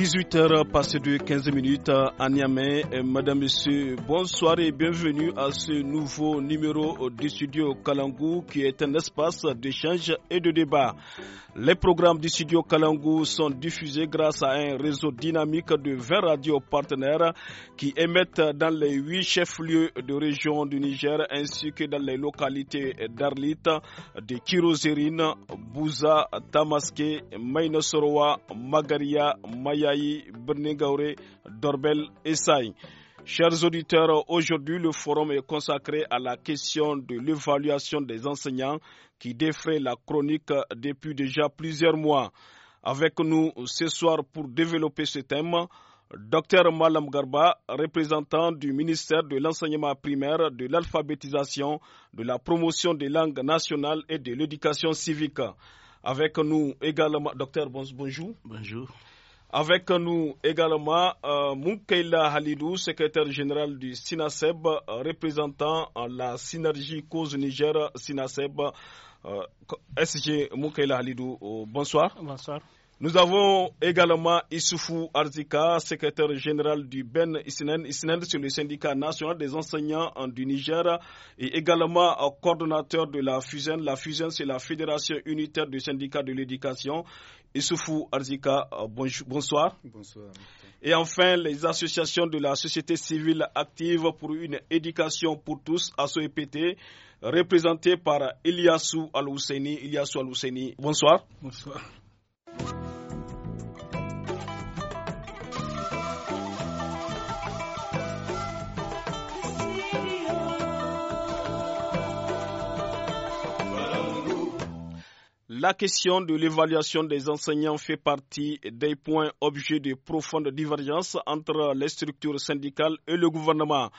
18h passé de 15 minutes à Niamey. Madame, Monsieur, bonsoir et bienvenue à ce nouveau numéro du studio Kalangou qui est un espace d'échange et de débat. Les programmes du studio Kalangou sont diffusés grâce à un réseau dynamique de 20 radios partenaires qui émettent dans les 8 chefs-lieux de région du Niger ainsi que dans les localités d'Arlit, de Kirozerine, Bouza, Tamaské, Mainasroa, Magaria, Maya Ndiaye, Dorbel Chers auditeurs, aujourd'hui le forum est consacré à la question de l'évaluation des enseignants qui défait la chronique depuis déjà plusieurs mois. Avec nous ce soir pour développer ce thème, Dr Malam Garba, représentant du ministère de l'enseignement primaire, de l'alphabétisation, de la promotion des langues nationales et de l'éducation civique. Avec nous également, docteur, bonjour. Bonjour. Avec nous également euh, Halidou, secrétaire général du SINASEB, euh, représentant euh, la synergie cause Niger-SINASEB. Euh, SG Moukaila Halidou, bonsoir. Bonsoir. Nous avons également Issoufou Arzika, secrétaire général du Ben Isnen, Isnen sur le syndicat national des enseignants du Niger et également coordonnateur de la FUSEN. La FUSEN, c'est la Fédération unitaire du syndicat de l'éducation. Issoufou Arzika, euh, bonsoir. Bonsoir. Et enfin, les associations de la société civile active pour une éducation pour tous, ASOEPT, représentées par Iliassou al Ilyasou Iliassou bonsoir. Bonsoir. La question de l'évaluation des enseignants fait partie des points objets de profondes divergences entre les structures syndicales et le gouvernement.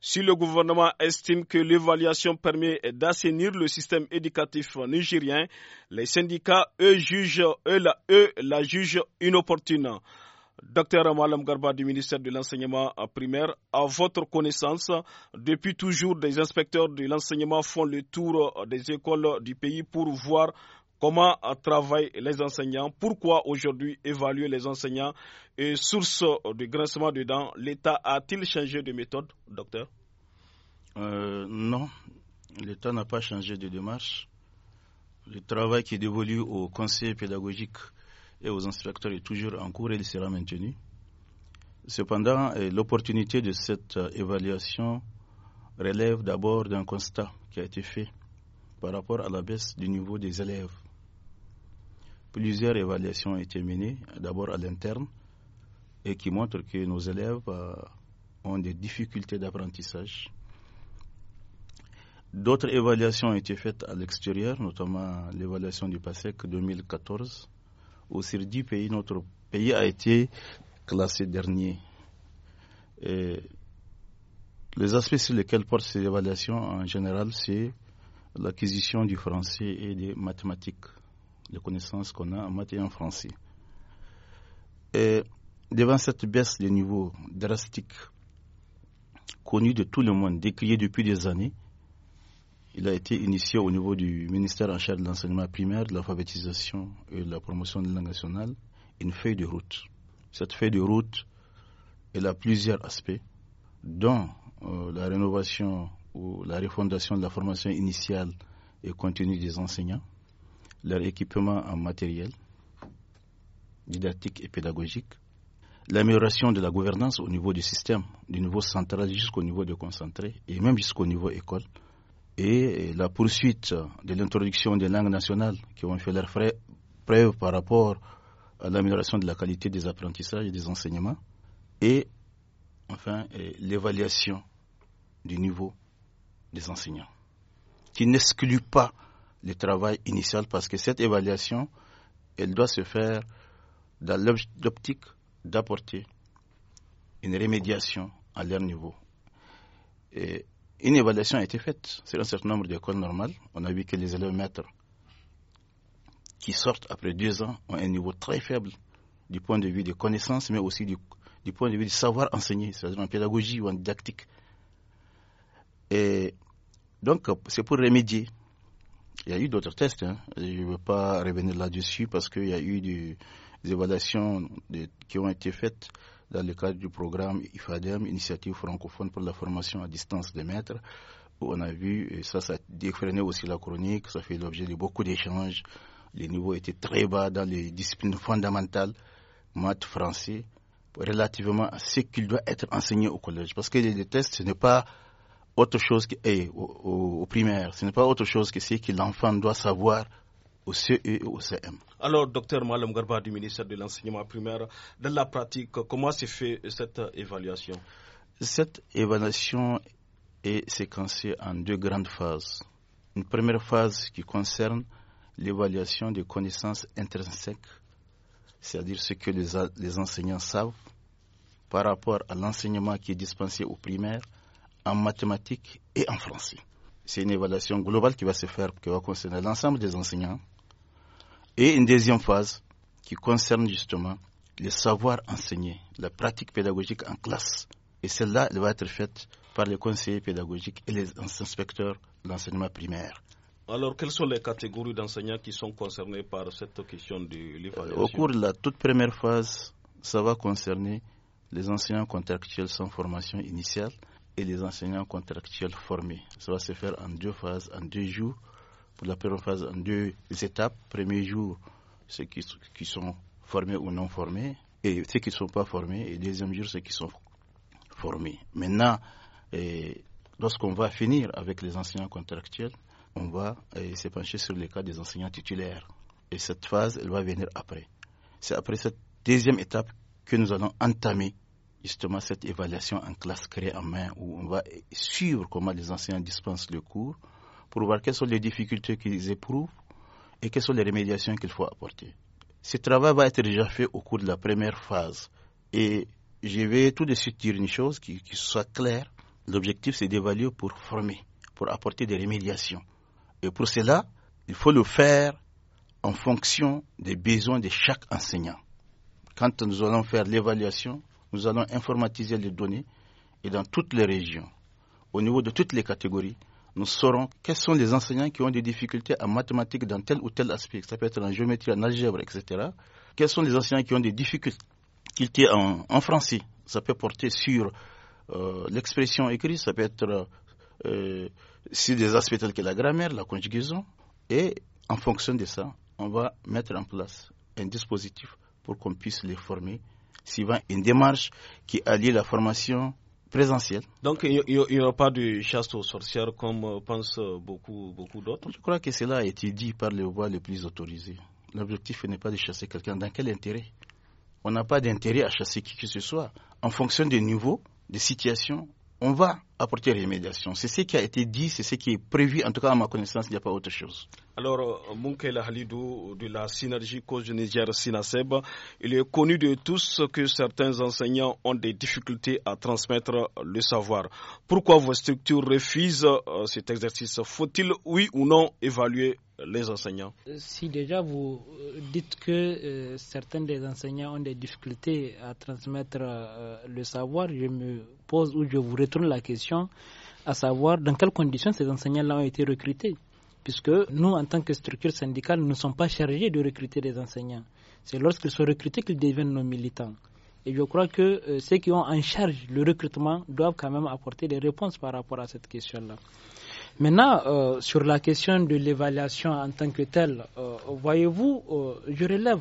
Si le gouvernement estime que l'évaluation permet d'assainir le système éducatif nigérien, les syndicats, eux, la, eux, la jugent inopportune. Docteur Malam Garba du ministère de l'Enseignement primaire, à votre connaissance, depuis toujours, des inspecteurs de l'enseignement font le tour des écoles du pays pour voir Comment travaillent les enseignants Pourquoi aujourd'hui évaluer les enseignants Et source de grincement de l'État a-t-il changé de méthode, docteur euh, Non, l'État n'a pas changé de démarche. Le travail qui est dévolu aux pédagogique pédagogiques et aux instructeurs est toujours en cours et il sera maintenu. Cependant, euh, l'opportunité de cette euh, évaluation relève d'abord d'un constat qui a été fait par rapport à la baisse du niveau des élèves plusieurs évaluations ont été menées, d'abord à l'interne, et qui montrent que nos élèves euh, ont des difficultés d'apprentissage. D'autres évaluations ont été faites à l'extérieur, notamment l'évaluation du PASEC 2014, où sur dix pays, notre pays a été classé dernier. les aspects sur lesquels portent ces évaluations en général, c'est l'acquisition du français et des mathématiques les connaissances qu'on a en matière en français. Et devant cette baisse de niveau drastique, connue de tout le monde, décriée depuis des années, il a été initié au niveau du ministère en charge de l'enseignement primaire, de l'alphabétisation et de la promotion de la langue nationale, une feuille de route. Cette feuille de route, elle a plusieurs aspects, dont euh, la rénovation ou la refondation de la formation initiale et continue des enseignants, leur équipement en matériel didactique et pédagogique, l'amélioration de la gouvernance au niveau du système, du niveau central jusqu'au niveau de concentré et même jusqu'au niveau école, et la poursuite de l'introduction des langues nationales qui ont fait leur preuve par rapport à l'amélioration de la qualité des apprentissages et des enseignements, et enfin l'évaluation du niveau des enseignants, qui n'exclut pas le travail initial parce que cette évaluation, elle doit se faire dans l'optique d'apporter une rémédiation à leur niveau. Et une évaluation a été faite sur un certain nombre d'écoles normales. On a vu que les élèves maîtres qui sortent après deux ans ont un niveau très faible du point de vue des connaissances, mais aussi du, point de vue du savoir enseigner, c'est-à-dire en pédagogie ou en didactique. Et donc, c'est pour remédier il y a eu d'autres tests. Hein. Je ne veux pas revenir là-dessus parce qu'il y a eu des, évaluations qui ont été faites dans le cadre du programme IFADEM, Initiative francophone pour la formation à distance des maîtres. Où on a vu, et ça, ça a aussi la chronique, ça fait l'objet de beaucoup d'échanges. Les niveaux étaient très bas dans les disciplines fondamentales, maths, français, relativement à ce qu'il doit être enseigné au collège. Parce que les tests, ce n'est pas autre chose que, eh, au, primaire. Ce n'est pas autre chose que ce que l'enfant doit savoir au CE et au CM. Alors, docteur Malam Garba du ministère de l'Enseignement primaire, dans la pratique, comment se fait cette évaluation Cette évaluation est séquencée en deux grandes phases. Une première phase qui concerne l'évaluation des connaissances intrinsèques, c'est-à-dire ce que les enseignants savent par rapport à l'enseignement qui est dispensé au primaire en mathématiques et en français. C'est une évaluation globale qui va se faire, qui va concerner l'ensemble des enseignants. Et une deuxième phase qui concerne justement le savoir enseigné, la pratique pédagogique en classe. Et celle-là, elle va être faite par les conseillers pédagogiques et les inspecteurs de l'enseignement primaire. Alors, quelles sont les catégories d'enseignants qui sont concernés par cette question de l'évaluation Au cours de la toute première phase, ça va concerner les enseignants contractuels sans formation initiale, et les enseignants contractuels formés. Ça va se faire en deux phases, en deux jours. Pour la première phase, en deux étapes. Premier jour, ceux qui, sont formés ou non formés, et ceux qui ne sont pas formés, et deuxième jour, ceux qui sont formés. Maintenant, euh, lorsqu'on va finir avec les enseignants contractuels, on va euh, se pencher sur les cas des enseignants titulaires. Et cette phase, elle va venir après. C'est après cette deuxième étape que nous allons entamer justement cette évaluation en classe créée en main où on va suivre comment les enseignants dispensent le cours pour voir quelles sont les difficultés qu'ils éprouvent et quelles sont les remédiations qu'il faut apporter. Ce travail va être déjà fait au cours de la première phase et je vais tout de suite dire une chose qui, qui soit claire. L'objectif, c'est d'évaluer pour former, pour apporter des remédiations. Et pour cela, il faut le faire en fonction des besoins de chaque enseignant. Quand nous allons faire l'évaluation, nous allons informatiser les données et dans toutes les régions, au niveau de toutes les catégories, nous saurons quels sont les enseignants qui ont des difficultés en mathématiques dans tel ou tel aspect, ça peut être en géométrie, en algèbre, etc. Quels sont les enseignants qui ont des difficultés en, français, ça peut porter sur euh, l'expression écrite, ça peut être euh, sur des aspects tels que la grammaire, la conjugaison, et en fonction de ça, on va mettre en place un dispositif pour qu'on puisse les former suivant une démarche qui allie la formation présentielle. Donc il n'y aura pas de chasse aux sorcières comme euh, pensent euh, beaucoup, beaucoup d'autres Je crois que cela a été dit par les voix les plus autorisées. L'objectif n'est pas de chasser quelqu'un. Dans quel intérêt On n'a pas d'intérêt à chasser qui que ce soit. En fonction des niveaux, des situations, on va apporter médiation. C'est ce qui a été dit, c'est ce qui est prévu. En tout cas, à ma connaissance, il n'y a pas autre chose. Alors, euh, Moukela Halidou, de la synergie cause Niger Sinaseb, il est connu de tous que certains enseignants ont des difficultés à transmettre le savoir. Pourquoi vos structures refusent euh, cet exercice Faut-il, oui ou non, évaluer euh, les enseignants euh, Si déjà vous euh, dites que certains des enseignants ont des difficultés à transmettre le savoir, je me pose ou je vous retourne la question à savoir dans quelles conditions ces enseignants-là ont été recrutés. Puisque nous, en tant que structure syndicale, nous ne sommes pas chargés de recruter des enseignants. C'est lorsqu'ils sont recrutés qu'ils deviennent nos militants. Et je crois que ceux qui ont en charge le recrutement doivent quand même apporter des réponses par rapport à cette question-là. Maintenant, euh, sur la question de l'évaluation en tant que telle, euh, voyez-vous, euh, je relève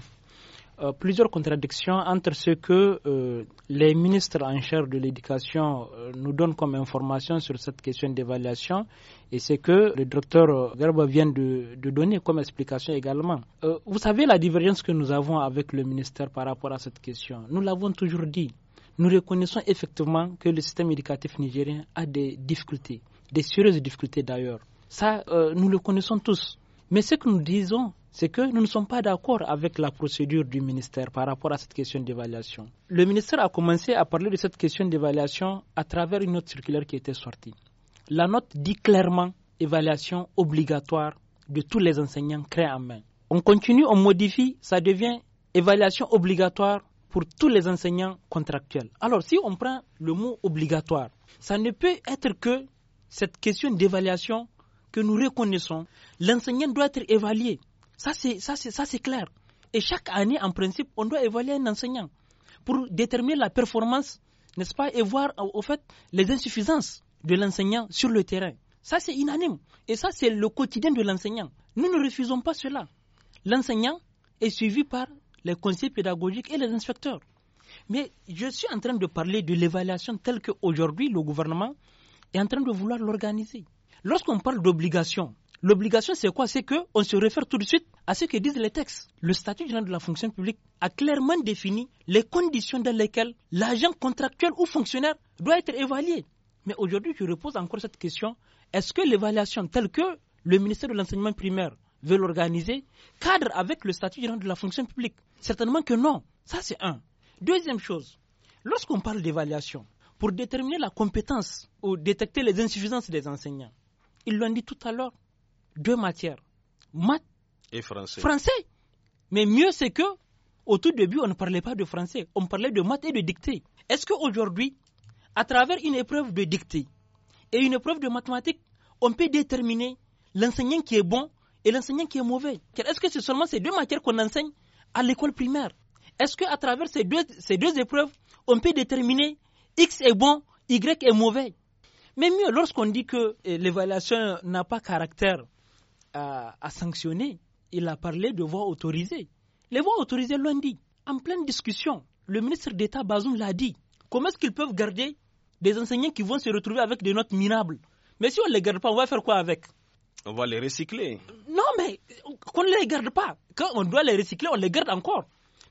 plusieurs contradictions entre ce que les ministres en charge de l'éducation nous donnent comme information sur cette question d'évaluation et ce que le docteur Garba vient de donner comme explication également. vous savez la divergence que nous avons avec le ministère par rapport à cette question. Nous l'avons toujours dit nous reconnaissons effectivement que le système éducatif nigérien a des difficultés des sérieuses difficultés d'ailleurs. Ça, euh, nous le connaissons tous. Mais ce que nous disons, c'est que nous ne sommes pas d'accord avec la procédure du ministère par rapport à cette question d'évaluation. Le ministère a commencé à parler de cette question d'évaluation à travers une note circulaire qui était sortie. La note dit clairement évaluation obligatoire de tous les enseignants créés en main. On continue, on modifie, ça devient évaluation obligatoire pour tous les enseignants contractuels. Alors si on prend le mot obligatoire, ça ne peut être que cette question d'évaluation que nous reconnaissons, l'enseignant doit être évalué. Ça, c'est, clair. Et chaque année, en principe, on doit évaluer un enseignant pour déterminer la performance, n'est-ce pas, et voir, au fait, les insuffisances de l'enseignant sur le terrain. Ça, c'est unanime. Et ça, c'est le quotidien de l'enseignant. Nous ne refusons pas cela. L'enseignant est suivi par les conseils pédagogiques et les inspecteurs. Mais je suis en train de parler de l'évaluation telle qu'aujourd'hui, le gouvernement est en train de vouloir l'organiser. Lorsqu'on parle d'obligation, l'obligation c'est quoi C'est qu'on se réfère tout de suite à ce que disent les textes. Le statut général de la fonction publique a clairement défini les conditions dans lesquelles l'agent contractuel ou fonctionnaire doit être évalué. Mais aujourd'hui, je repose encore cette question. Est-ce que l'évaluation telle que le ministère de l'enseignement primaire veut l'organiser cadre avec le statut général de la fonction publique Certainement que non. Ça, c'est un. Deuxième chose, lorsqu'on parle d'évaluation, pour déterminer la compétence ou détecter les insuffisances des enseignants. Ils l'ont dit tout à l'heure. Deux matières, maths et français. français. Mais mieux c'est que au tout début, on ne parlait pas de français, on parlait de maths et de dictée. Est-ce qu'aujourd'hui, à travers une épreuve de dictée et une épreuve de mathématiques, on peut déterminer l'enseignant qui est bon et l'enseignant qui est mauvais Est-ce que c'est seulement ces deux matières qu'on enseigne à l'école primaire Est-ce qu'à travers ces ces deux épreuves, on peut déterminer X est bon, Y est mauvais. Mais mieux, lorsqu'on dit que eh, l'évaluation n'a pas caractère euh, à, sanctionner, il a parlé de voies autorisées. Les voies autorisées l'ont dit. En pleine discussion, le ministre d'État Bazoum l'a dit. Comment est-ce qu'ils peuvent garder des enseignants qui vont se retrouver avec des notes minables Mais si on ne les garde pas, on va faire quoi avec On va les recycler. Non, mais qu'on ne les garde pas. Quand on doit les recycler, on les garde encore.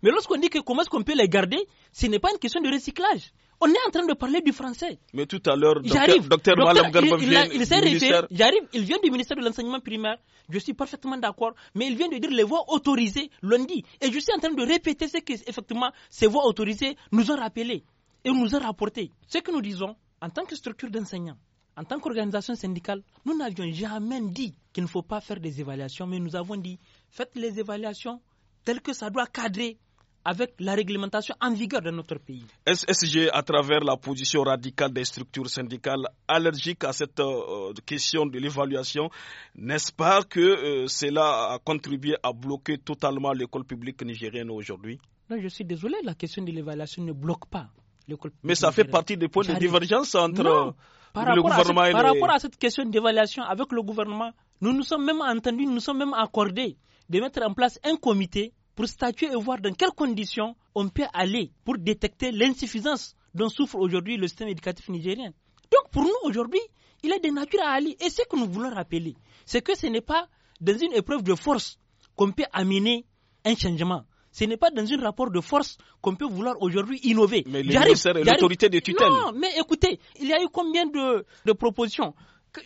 Mais lorsqu'on dit que comment est-ce qu'on peut les garder, ce n'est pas une question de recyclage. On est en train de parler du français. Mais tout à l'heure, docteur, docteur, Malam il, vient il, ministère... J'arrive, il vient du ministère de l'enseignement primaire. Je suis parfaitement d'accord. Mais il vient de dire les voix autorisées lundi. Et je suis en train de répéter ce que, effectivement, ces voix autorisées nous ont rappelé et nous ont rapporté. Ce que nous disons, en tant que structure d'enseignants, en tant qu'organisation syndicale, nous n'avions jamais dit qu'il ne faut pas faire des évaluations, mais nous avons dit faites les évaluations telles que ça doit cadrer avec la réglementation en vigueur de notre pays. Est-ce SSG, à travers la position radicale des structures syndicales allergiques à cette euh, question de l'évaluation, n'est-ce pas que euh, cela a contribué à bloquer totalement l'école publique nigérienne aujourd'hui Non, je suis désolé, la question de l'évaluation ne bloque pas l'école publique. Mais ça fait partie des points de divergence entre le gouvernement et Par rapport à cette question d'évaluation avec le gouvernement, nous nous sommes même entendus, nous sommes même accordés de mettre en place un comité pour statuer et voir dans quelles conditions on peut aller pour détecter l'insuffisance dont souffre aujourd'hui le système éducatif nigérien. Donc pour nous aujourd'hui, il est de nature à aller. Et ce que nous voulons rappeler, c'est que ce n'est pas dans une épreuve de force qu'on peut amener un changement. Ce n'est pas dans un rapport de force qu'on peut vouloir aujourd'hui innover. Mais l'autorité de tutelle. Non, mais écoutez, il y a eu combien de propositions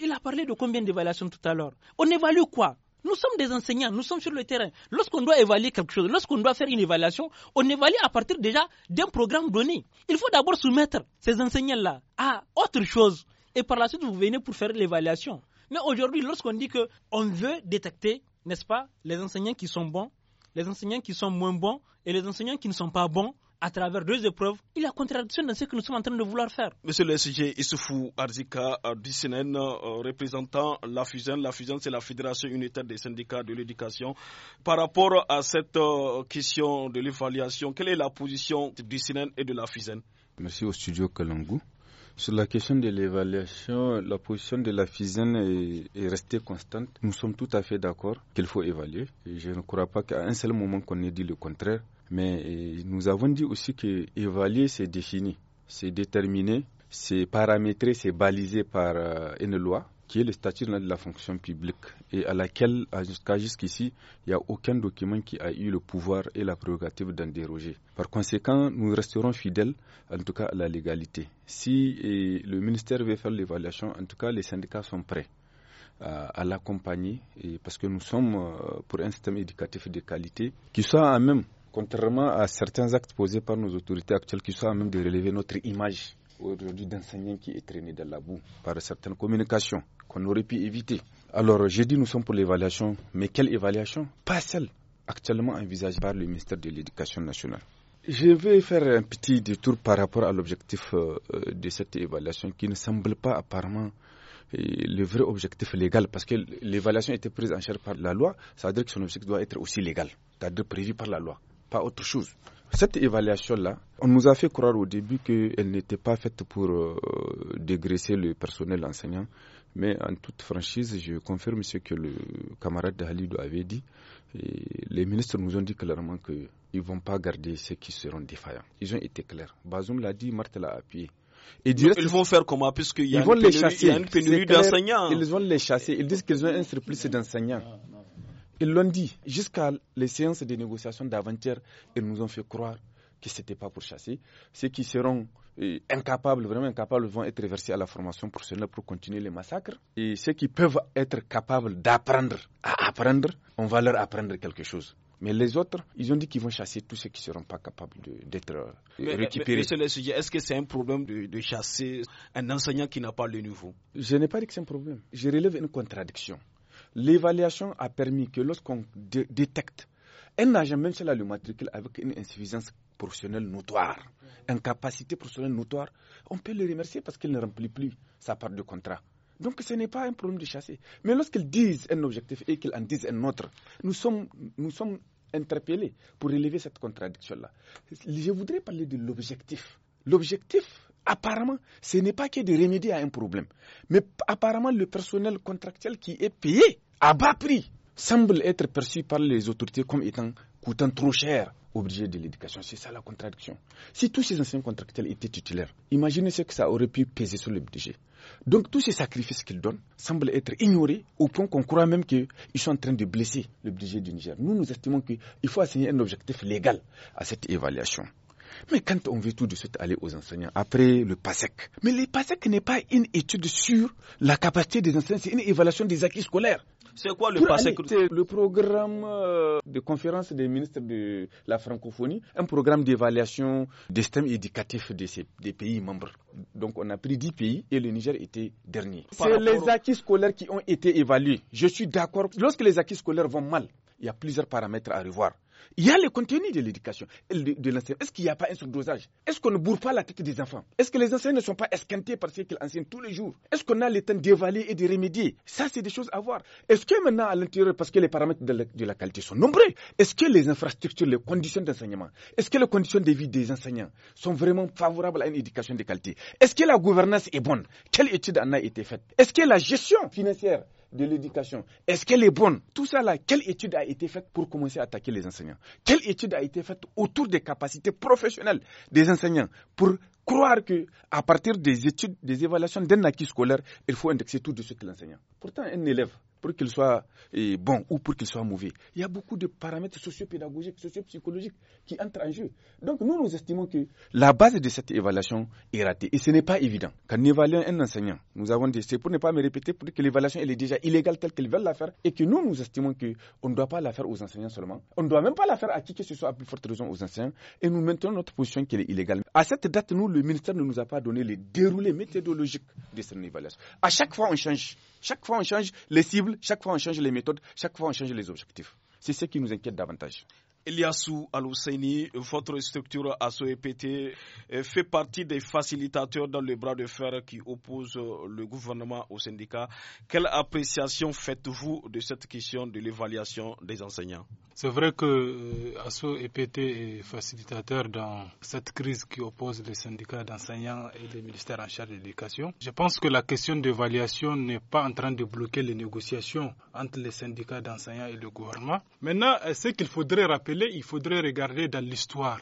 Il a parlé de combien d'évaluations tout à l'heure On évalue quoi nous sommes des enseignants, nous sommes sur le terrain. Lorsqu'on doit évaluer quelque chose, lorsqu'on doit faire une évaluation, on évalue à partir déjà d'un programme donné. Il faut d'abord soumettre ces enseignants-là à autre chose. Et par la suite, vous venez pour faire l'évaluation. Mais aujourd'hui, lorsqu'on dit qu'on veut détecter, n'est-ce pas, les enseignants qui sont bons, les enseignants qui sont moins bons et les enseignants qui ne sont pas bons, à travers deux épreuves, il y a contradiction dans ce que nous sommes en train de vouloir faire. Monsieur le SG Issoufou Arzika euh, du euh, représentant la FUSEN. La FUSEN, c'est la Fédération unitaire des syndicats de l'éducation. Par rapport à cette euh, question de l'évaluation, quelle est la position du CNN et de la FUSEN Merci au studio Kalangu. Sur la question de l'évaluation, la position de la FISEN est, restée constante. Nous sommes tout à fait d'accord qu'il faut évaluer. je ne crois pas qu'à un seul moment qu'on ait dit le contraire. Mais eh, nous avons dit aussi que évaluer, c'est défini, c'est déterminé, c'est paramétré, c'est balisé par euh, une loi qui est le statut de la fonction publique et à laquelle, jusqu'à jusqu'ici, il n'y a aucun document qui a eu le pouvoir et la prérogative d'en déroger. Par conséquent, nous resterons fidèles, en tout cas, à la légalité. Si eh, le ministère veut faire l'évaluation, en tout cas, les syndicats sont prêts à, euh, à l'accompagner eh, parce que nous sommes euh, pour un système éducatif de qualité qui soit à même contrairement à certains actes posés par nos autorités actuelles qui sont à même de relever notre image aujourd'hui d'enseignants qui est traîné dans la boue par certaines communications qu'on aurait pu éviter. Alors, je dis nous sommes pour l'évaluation, mais quelle évaluation Pas celle actuellement envisagée par le ministère de l'Éducation nationale. Je vais faire un petit détour par rapport à l'objectif euh, euh, de cette évaluation qui ne semble pas apparemment euh, le vrai objectif légal parce que l'évaluation était prise en charge par la loi, ça veut dire que son objectif doit être aussi légal, c'est-à-dire prévu par la loi pas autre chose. Cette évaluation-là, on nous a fait croire au début qu'elle n'était pas faite pour euh, dégraisser le personnel enseignant, mais en toute franchise, je confirme ce que le camarade Halidou avait dit. les ministres nous ont dit clairement qu'ils ne vont pas garder ceux qui seront défaillants. Ils ont été clairs. Bazoum l'a dit, Marthe l'a appuyé. ils vont faire comment Puisqu'il y, y, a une pénurie d'enseignants. Ils vont les chasser. Ils disent qu'ils ont un surplus d'enseignants. Ah, ils l'ont dit. Jusqu'à les séances de négociations d'avant-hier, ils nous ont fait croire que ce n'était pas pour chasser. Ceux qui seront euh, incapables, vraiment incapables, vont être versés à la formation professionnelle pour continuer les massacres. Et ceux qui peuvent être capables d'apprendre à apprendre, on va leur apprendre quelque chose. Mais les autres, ils ont dit qu'ils vont chasser tous ceux qui ne seront pas capables d'être euh, récupérés. est-ce que c'est un problème de chasser un enseignant qui n'a pas le niveau Je n'ai pas dit que c'est un problème. Je relève une contradiction. L'évaluation a permis que lorsqu'on détecte un agent, même s'il a le matricule, avec une insuffisance professionnelle notoire, une incapacité professionnelle notoire, on peut le remercier parce qu'il ne remplit plus sa part de contrat. Donc ce n'est pas un problème de chasser. Mais lorsqu'ils disent un objectif et qu'ils en disent un autre, nous sommes, nous sommes interpellés pour élever cette contradiction-là. Je voudrais parler de l'objectif. L'objectif, apparemment, ce n'est pas que de remédier à un problème. Mais apparemment, le personnel contractuel qui est payé à bas prix, semble être perçu par les autorités comme étant coûtant trop cher au budget de l'éducation. C'est ça la contradiction. Si tous ces anciens contractuels étaient titulaires, imaginez ce que ça aurait pu peser sur le budget. Donc tous ces sacrifices qu'ils donnent semblent être ignorés au point qu'on croit même qu'ils sont en train de blesser le budget du Niger. Nous, nous estimons qu'il faut assigner un objectif légal à cette évaluation. Mais quand on veut tout de suite aller aux enseignants, après le PASEC, mais le PASEC n'est pas une étude sur la capacité des enseignants, c'est une évaluation des acquis scolaires. C'est quoi le PASEC C'est le programme euh, de conférence des ministres de la francophonie, un programme d'évaluation des systèmes éducatifs des pays membres. Donc on a pris 10 pays et le Niger était dernier. C'est les acquis scolaires qui ont été évalués. Je suis d'accord. Lorsque les acquis scolaires vont mal, il y a plusieurs paramètres à revoir. Il y a le contenu de l'éducation, de, Est-ce qu'il n'y a pas un surdosage Est-ce qu'on ne bourre pas la tête des enfants Est-ce que les enseignants ne sont pas par parce qu'ils enseignent tous les jours Est-ce qu'on a le temps d'évaluer et de remédier Ça, c'est des choses à voir. Est-ce que maintenant, à l'intérieur, parce que les paramètres de la, de la qualité sont nombreux, est-ce que les infrastructures, les conditions d'enseignement, est-ce que les conditions de vie des enseignants sont vraiment favorables à une éducation de qualité Est-ce que la gouvernance est bonne Quelle étude en a été faite Est-ce que la gestion financière de l'éducation, est-ce qu'elle est bonne Tout ça là, quelle étude a été faite pour commencer à attaquer les enseignants Quelle étude a été faite autour des capacités professionnelles des enseignants pour croire que à partir des études, des évaluations d'un acquis scolaire, il faut indexer tout de suite l'enseignant Pourtant, un élève pour qu'il soit eh, bon ou pour qu'il soit mauvais. Il y a beaucoup de paramètres sociopédagogiques, sociopsychologiques qui entrent en jeu. Donc nous, nous estimons que la base de cette évaluation est ratée. Et ce n'est pas évident. Quand nous évaluons un enseignant, nous avons dit, c'est pour ne pas me répéter, pour que l'évaluation est déjà illégale telle qu'ils veulent la faire et que nous, nous estimons qu'on ne doit pas la faire aux enseignants seulement. On ne doit même pas la faire à qui que ce soit à plus forte raison aux enseignants. Et nous maintenons notre position qu'elle est illégale. À cette date, nous, le ministère ne nous a pas donné les déroulés méthodologiques de cette évaluation. À chaque fois, on change. Chaque fois, on change les cibles, chaque fois, on change les méthodes, chaque fois, on change les objectifs. C'est ce qui nous inquiète davantage. Eliassou Alousseni, votre structure ASOEPT euh, fait partie des facilitateurs dans le bras de fer qui oppose euh, le gouvernement au syndicat. Quelle appréciation faites-vous de cette question de l'évaluation des enseignants C'est vrai que ASOEPT euh, est facilitateur dans cette crise qui oppose les syndicats d'enseignants et les ministères en charge de l'éducation. Je pense que la question d'évaluation n'est pas en train de bloquer les négociations entre les syndicats d'enseignants et le gouvernement. Maintenant, ce qu'il faudrait rappeler, il faudrait regarder dans l'histoire.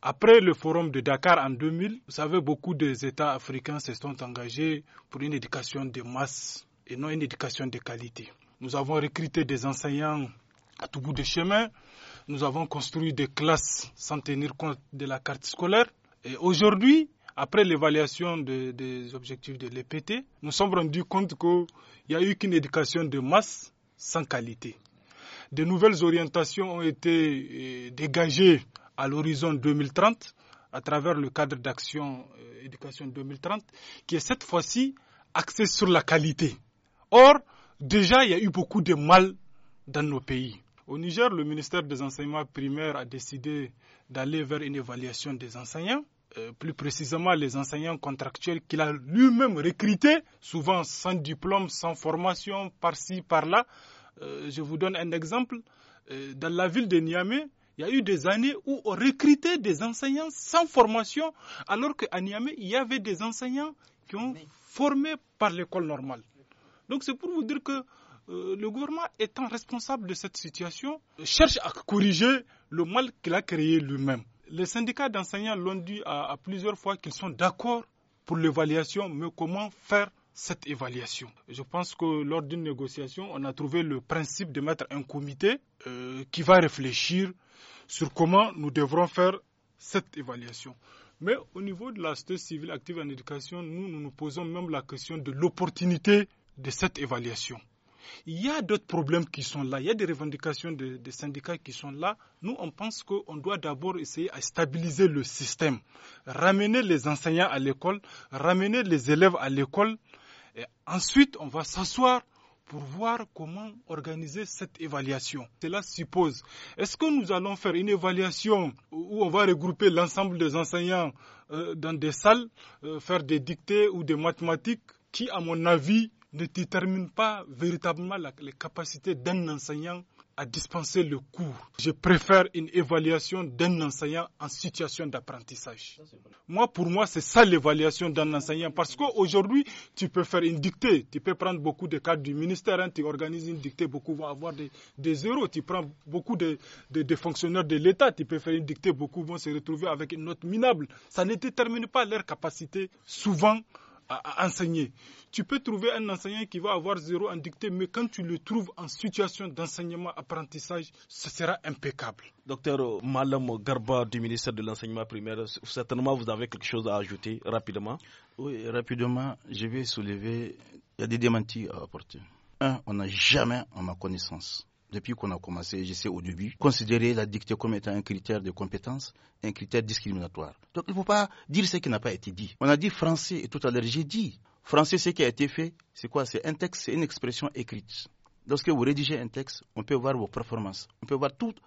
Après le forum de Dakar en 2000, vous savez, beaucoup des États africains se sont engagés pour une éducation de masse et non une éducation de qualité. Nous avons recruté des enseignants à tout bout de chemin. Nous avons construit des classes sans tenir compte de la carte scolaire. Et aujourd'hui, après l'évaluation des objectifs de l'EPT, nous sommes rendus compte qu'il n'y a eu qu'une éducation de masse sans qualité de nouvelles orientations ont été euh, dégagées à l'horizon 2030 à travers le cadre d'action euh, éducation 2030 qui est cette fois-ci axé sur la qualité. Or, déjà, il y a eu beaucoup de mal dans nos pays. Au Niger, le ministère des enseignements primaires a décidé d'aller vers une évaluation des enseignants, euh, plus précisément les enseignants contractuels qu'il a lui-même recrutés, souvent sans diplôme, sans formation, par-ci, par-là, euh, je vous donne un exemple. Euh, dans la ville de Niamey, il y a eu des années où on recrutait des enseignants sans formation, alors qu'à Niamey, il y avait des enseignants qui ont formé par l'école normale. Donc c'est pour vous dire que euh, le gouvernement étant responsable de cette situation, cherche à corriger le mal qu'il a créé lui-même. Les syndicats d'enseignants l'ont dit à, plusieurs fois qu'ils sont d'accord pour l'évaluation, mais comment faire cette évaluation. Je pense que lors d'une négociation, on a trouvé le principe de mettre un comité euh, qui va réfléchir sur comment nous devrons faire cette évaluation. Mais au niveau de la société civile active en éducation, nous, nous posons même la question de l'opportunité de cette évaluation. Il y a d'autres problèmes qui sont là, il y a des revendications des syndicats qui sont là. Nous, on pense qu'on doit d'abord essayer à stabiliser le système, ramener les enseignants à l'école, ramener les élèves à l'école, et ensuite, on va s'asseoir pour voir comment organiser cette évaluation. Cela suppose, est-ce que nous allons faire une évaluation où on va regrouper l'ensemble des enseignants euh, dans des salles, euh, faire des dictées ou des mathématiques qui, à mon avis, ne déterminent pas véritablement les capacités d'un enseignant à dispenser le cours. Je préfère une évaluation d'un enseignant en situation d'apprentissage. Moi, pour moi, c'est ça l'évaluation d'un enseignant. Parce qu'aujourd'hui, tu peux faire une dictée. Tu peux prendre beaucoup de cadres du ministère. Hein. tu organises une dictée, beaucoup vont avoir des, zéros. Tu prends beaucoup de, de fonctionnaires de l'État. Tu peux faire une dictée, beaucoup vont se retrouver avec une note minable. Ça ne détermine pas leur capacité, souvent, enseigner. Tu peux trouver un enseignant qui va avoir zéro en dictée, mais quand tu le trouves en situation d'enseignement, apprentissage, ce sera impeccable. Docteur Malam Garba du ministère de l'Enseignement primaire, certainement vous avez quelque chose à ajouter rapidement. Oui, rapidement, je vais soulever, il y a des démentis à apporter. Un, on n'a jamais, en ma connaissance, depuis qu'on a commencé, je sais au début, considérer la dictée comme étant un critère de compétence, un critère discriminatoire. Donc il ne faut pas dire ce qui n'a pas été dit. On a dit français et tout à l'heure j'ai dit français, ce qui a été fait, c'est quoi C'est un texte, c'est une expression écrite. Lorsque vous rédigez un texte, on peut voir vos performances, on peut voir toutes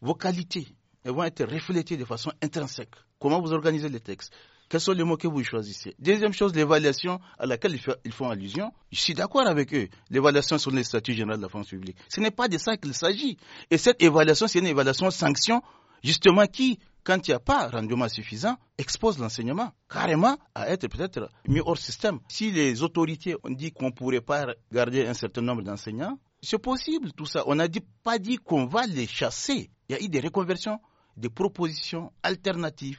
vos qualités. Elles vont être reflétées de façon intrinsèque. Comment vous organisez les textes quels sont les mots que vous choisissez Deuxième chose, l'évaluation à laquelle ils font allusion. Je suis d'accord avec eux. L'évaluation sur les statuts généraux de la France publique. Ce n'est pas de ça qu'il s'agit. Et cette évaluation, c'est une évaluation sanction, justement, qui, quand il n'y a pas rendement suffisant, expose l'enseignement carrément à être peut-être mis hors système. Si les autorités ont dit qu'on ne pourrait pas garder un certain nombre d'enseignants, c'est possible tout ça. On n'a pas dit qu'on va les chasser. Il y a eu des reconversions, des propositions alternatives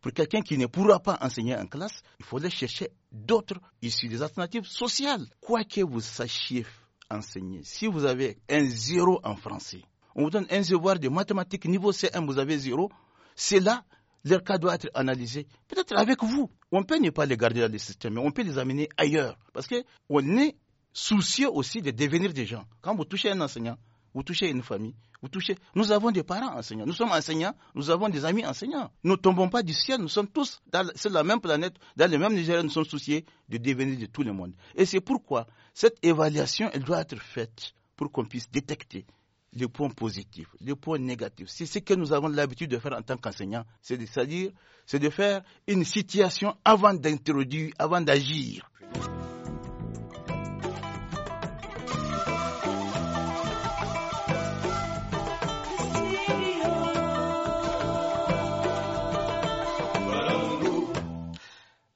pour quelqu'un qui ne pourra pas enseigner en classe, il faudrait chercher d'autres issues, des alternatives sociales. Quoi que vous sachiez enseigner, si vous avez un zéro en français, on vous donne un zéro de mathématiques niveau C1, vous avez zéro, c'est là leur cas doit être analysé, peut-être avec vous. On peut ne pas les garder dans le système, mais on peut les amener ailleurs. Parce qu'on est soucieux aussi de devenir des gens. Quand vous touchez un enseignant, vous touchez une famille, vous touchez. Nous avons des parents enseignants. Nous sommes enseignants. Nous avons des amis enseignants. Nous ne tombons pas du ciel. Nous sommes tous sur la même planète, dans le même Nigeria. Nous sommes souciés de devenir de tout le monde. Et c'est pourquoi cette évaluation, elle doit être faite pour qu'on puisse détecter les points positifs, les points négatifs. C'est ce que nous avons l'habitude de faire en tant qu'enseignants. C'est-à-dire, c'est de faire une situation avant d'introduire, avant d'agir.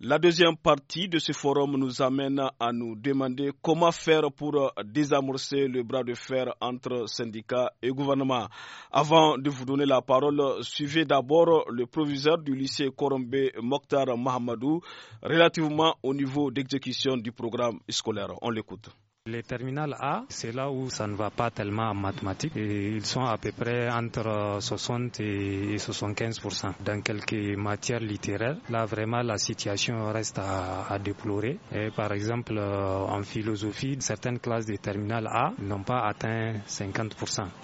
La deuxième partie de ce forum nous amène à nous demander comment faire pour désamorcer le bras de fer entre syndicats et gouvernement. Avant de vous donner la parole, suivez d'abord le proviseur du lycée Korombe Mokhtar Mahamadou relativement au niveau d'exécution du programme scolaire. On l'écoute. Les terminales A, c'est là où ça ne va pas tellement en mathématiques. ils sont à peu près entre 60 et 75 Dans quelques matières littéraires, là vraiment la situation reste à, déplorer. Et par exemple, euh, en philosophie, certaines classes de terminales A n'ont pas atteint 50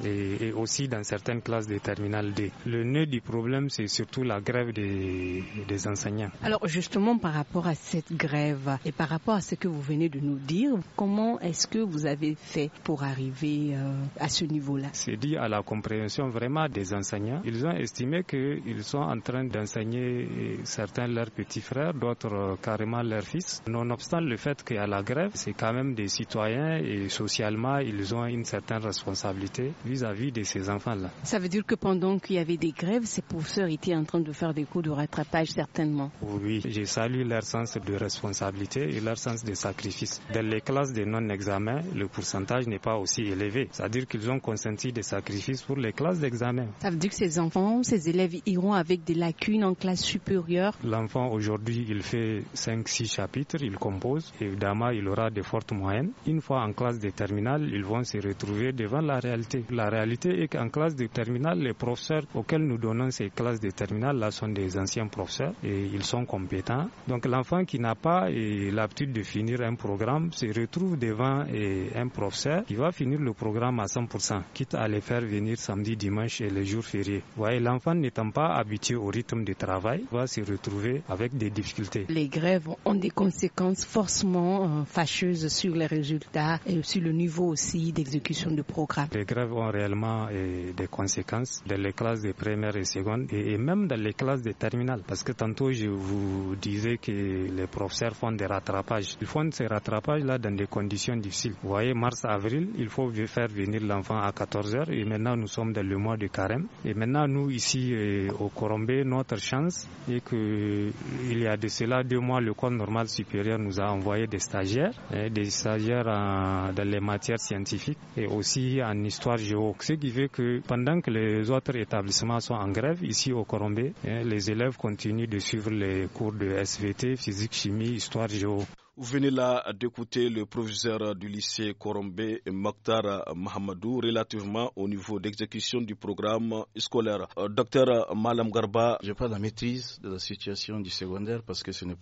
et, aussi dans certaines classes de terminales D. Le nœud du problème, c'est surtout la grève des, enseignants. Alors justement, par rapport à cette grève et par rapport à ce que vous venez de nous dire, comment est-ce que vous avez fait pour arriver euh, à ce niveau-là C'est dit à la compréhension vraiment des enseignants. Ils ont estimé qu'ils sont en train d'enseigner certains leurs petits frères, d'autres euh, carrément leurs fils. Nonobstant le fait qu'à la grève, c'est quand même des citoyens et socialement, ils ont une certaine responsabilité vis-à-vis de ces enfants-là. Ça veut dire que pendant qu'il y avait des grèves, ces professeurs étaient en train de faire des cours de rattrapage certainement. Oui, j'ai salué leur sens de responsabilité et leur sens de sacrifice. Dans les classes des non examen, le pourcentage n'est pas aussi élevé. C'est-à-dire qu'ils ont consenti des sacrifices pour les classes d'examen. Ça veut dire que ces enfants, ces élèves iront avec des lacunes en classe supérieure L'enfant aujourd'hui, il fait 5-6 chapitres, il compose. Évidemment, il aura de fortes moyennes. Une fois en classe de terminale, ils vont se retrouver devant la réalité. La réalité est qu'en classe de terminale, les professeurs auxquels nous donnons ces classes de terminale là sont des anciens professeurs et ils sont compétents. Donc l'enfant qui n'a pas l'habitude de finir un programme se retrouve devant et un professeur qui va finir le programme à 100%, quitte à les faire venir samedi, dimanche et les jours fériés. Vous l'enfant n'étant pas habitué au rythme de travail, va se retrouver avec des difficultés. Les grèves ont des conséquences forcément euh, fâcheuses sur les résultats et sur le niveau aussi d'exécution du programme. Les grèves ont réellement euh, des conséquences dans les classes de première et seconde et même dans les classes de terminale. Parce que tantôt, je vous disais que les professeurs font des rattrapages. Ils font ces rattrapages-là dans des conditions vous voyez, mars-avril, il faut faire venir l'enfant à 14h et maintenant nous sommes dans le mois de carême. Et maintenant nous ici euh, au Corombe, notre chance est que il y a de cela deux mois, l'école normale supérieure nous a envoyé des stagiaires, hein, des stagiaires dans les matières scientifiques et aussi en histoire géo. Ce qui fait que pendant que les autres établissements sont en grève ici au Corombe, hein, les élèves continuent de suivre les cours de SVT, physique, chimie, histoire géo. Vous venez là d'écouter le professeur du lycée Korombe, Maktar Mahamadou, relativement au niveau d'exécution du programme scolaire. Euh, docteur Malam Garba. Je n'ai pas la maîtrise de la situation du secondaire parce que ça ne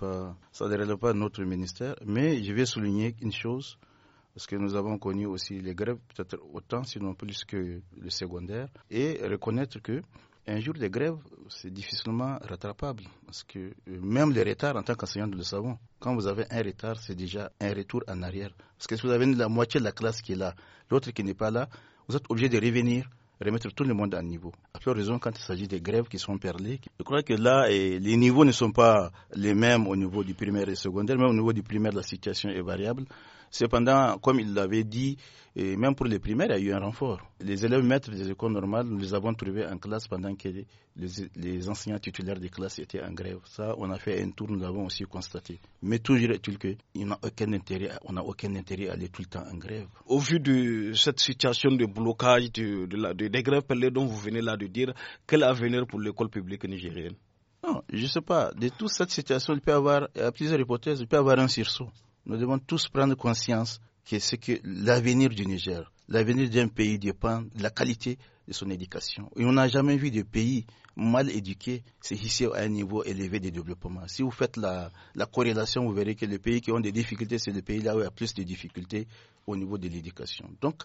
relève pas notre ministère, mais je vais souligner une chose. Parce que nous avons connu aussi les grèves, peut-être autant, sinon plus que le secondaire, et reconnaître que un jour de grève, c'est difficilement rattrapable. Parce que euh, même le retard, en tant qu'enseignant, nous le savons. Quand vous avez un retard, c'est déjà un retour en arrière. Parce que si vous avez la moitié de la classe qui est là, l'autre qui n'est pas là, vous êtes obligé de revenir remettre tout le monde à niveau. À plus raison quand il s'agit des grèves qui sont perlées. Je crois que là, eh, les niveaux ne sont pas les mêmes au niveau du primaire et secondaire, mais au niveau du primaire, la situation est variable. Cependant, comme il l'avait dit, même pour les primaires, il y a eu un renfort. Les élèves maîtres des écoles normales, nous les avons trouvés en classe pendant que les, enseignants titulaires des classes étaient en grève. Ça, on a fait un tour, nous l'avons aussi constaté. Mais toujours est-il qu'on n'a aucun intérêt, aucun intérêt à aller tout le temps en grève. Au vu de cette situation de blocage, de, de, des dont vous venez là de dire, quel avenir pour l'école publique nigérienne Non, je ne sais pas. De toute cette situation, il peut y avoir, à plusieurs hypothèses, il peut avoir un sursaut nous devons tous prendre conscience que ce que l'avenir du Niger, l'avenir d'un pays dépend de la qualité de son éducation. Et on n'a jamais vu de pays mal éduqué c'est ici à un niveau élevé de développement. Si vous faites la, la corrélation, vous verrez que les pays qui ont des difficultés, c'est les pays là où il y a plus de difficultés au niveau de l'éducation. Donc,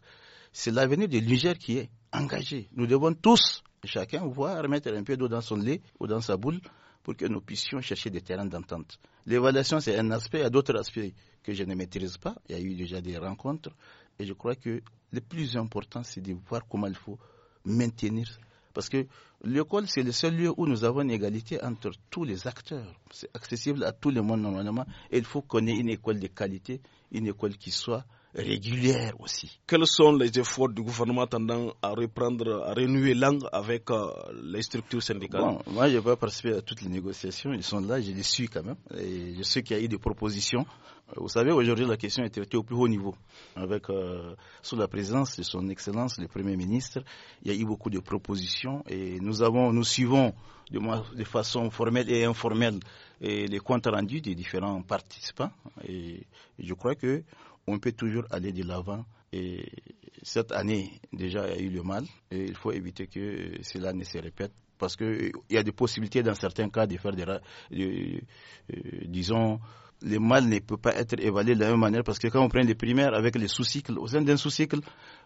c'est l'avenir du Niger qui est engagé. Nous devons tous, chacun, voir mettre un peu d'eau dans son lait ou dans sa boule pour que nous puissions chercher des terrains d'entente. L'évaluation, c'est un aspect, il y a d'autres aspects que je ne maîtrise pas. Il y a eu déjà des rencontres. Et je crois que le plus important, c'est de voir comment il faut maintenir. Parce que l'école, c'est le seul lieu où nous avons une égalité entre tous les acteurs. C'est accessible à tout le monde normalement. Et il faut qu'on ait une école de qualité, une école qui soit régulière aussi. Quels sont les efforts du gouvernement tendant à reprendre, à renouer l'angle avec euh, les structures syndicales Moi, je pas participer à toutes les négociations. Ils sont là, je les suis quand même. Et je sais qu'il y a eu des propositions. Euh, vous savez, aujourd'hui, la question a traitée au plus haut niveau. Avec, euh, sous la présence de son Excellence, le Premier ministre, il y a eu beaucoup de propositions et nous, avons, nous suivons de, de façon formelle et informelle les comptes rendus des différents participants. Et je crois que on peut toujours aller de l'avant. Et cette année, déjà, il y a eu le mal. Et il faut éviter que cela ne se répète. Parce qu'il y a des possibilités dans certains cas de faire des. Euh, disons, le mal ne peut pas être évalué de la même manière parce que quand on prend les primaires avec les sous-cycles, au sein d'un sous-cycle,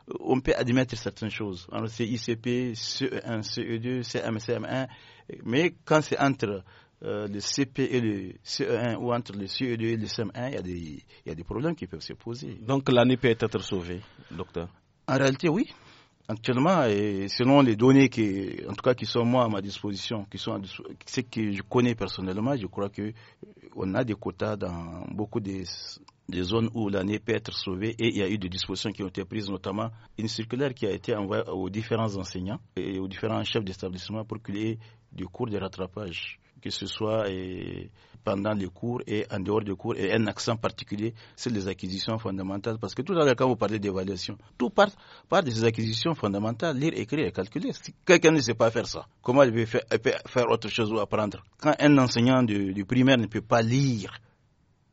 euh, on peut admettre certaines choses. Alors, c'est ICP, CE1, CE2, CM, CM1. Mais quand c'est entre euh, le CP et le CE1 ou entre le CE2 et le CM1, il y, a des, problèmes qui peuvent se poser. Donc l'année peut être sauvée, docteur En réalité, oui. Actuellement, selon les données qui, en tout cas, qui sont moi à ma disposition, qui ce que je connais personnellement, je crois que on a des quotas dans beaucoup des, zones où l'année peut être sauvée et il y a eu des dispositions qui ont été prises, notamment une circulaire qui a été envoyée aux différents enseignants et aux différents chefs d'établissement pour qu'il y des cours de rattrapage que ce soit euh, pendant les cours et en dehors des cours, et un accent particulier c'est les acquisitions fondamentales. Parce que tout à l'heure, quand vous parlez d'évaluation, tout part, part de ces acquisitions fondamentales, lire, écrire et calculer. Si quelqu'un ne sait pas faire ça, comment il peut faire, autre chose ou apprendre Quand un enseignant du, du primaire ne peut pas lire,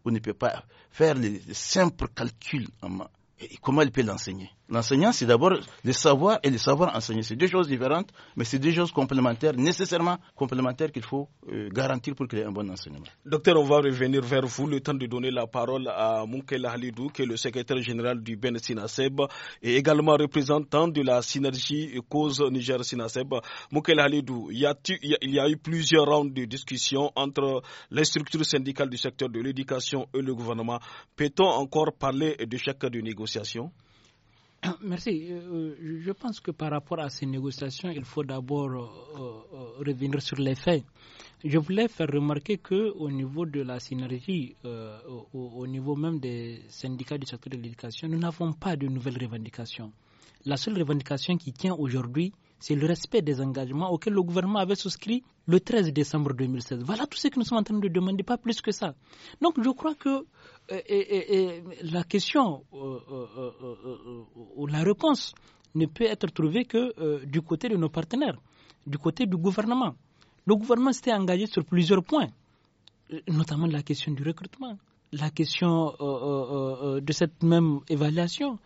ou ne peut pas faire les simples calculs, comment il peut l'enseigner L'enseignant, c'est d'abord le savoir et le savoir enseigner. C'est deux choses différentes, mais c'est deux choses complémentaires, nécessairement complémentaires qu'il faut euh, garantir pour créer un bon enseignement. Docteur, on va revenir vers vous. Le temps de donner la parole à Moukella Halidou, qui est le secrétaire général du Ben Sinaseb et également représentant de la synergie cause Niger-Sinaseb. Moukella Halidou, il y, a, eu plusieurs rounds de discussion entre les structures syndicales du secteur de l'éducation et le gouvernement. Peut-on encore parler de chacun de négociations Merci. Euh, je pense que par rapport à ces négociations, il faut d'abord euh, euh, revenir sur les faits. Je voulais faire remarquer que au niveau de la synergie, au, niveau même des syndicats du secteur de l'éducation, nous n'avons pas de nouvelles revendications. La seule revendication qui tient aujourd'hui, c'est le respect des engagements auxquels le gouvernement avait souscrit le 13 décembre 2016. Voilà tout ce que nous sommes en train de demander, pas plus que ça. Donc je crois que euh, la question euh, euh, ou la réponse ne peut être trouvée que du côté de nos partenaires, du côté du gouvernement. Le gouvernement s'était engagé sur plusieurs points, notamment la question du recrutement, la question de cette même évaluation,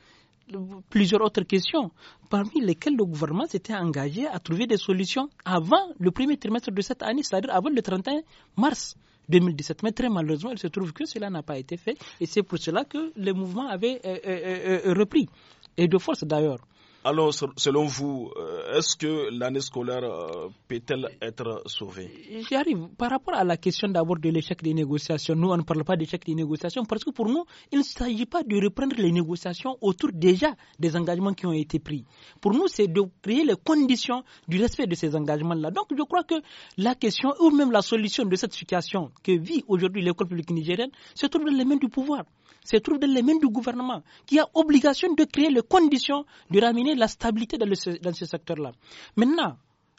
plusieurs autres questions, parmi lesquelles le gouvernement s'était engagé à trouver des solutions avant le premier trimestre de cette année, c'est-à-dire avant le 31 mars. 2017. Mais très malheureusement, il se trouve que cela n'a pas été fait et c'est pour cela que le mouvement avait euh, euh, euh, repris, et de force d'ailleurs. Alors, selon vous, euh, est-ce que l'année scolaire euh, peut-elle être sauvée J'arrive. Par rapport à la question d'abord de l'échec des négociations, nous, on ne parle pas d'échec des négociations parce que pour nous, il ne s'agit pas de reprendre les négociations autour déjà des engagements qui ont été pris. Pour nous, c'est de créer les conditions du respect de ces engagements-là. Donc, je crois que la question ou même la solution de cette situation que vit aujourd'hui l'école publique nigérienne se trouve dans les mains du pouvoir, se trouve dans les mains du gouvernement qui a obligation de créer les conditions de ramener la stabilité dans, ce secteur-là. Maintenant,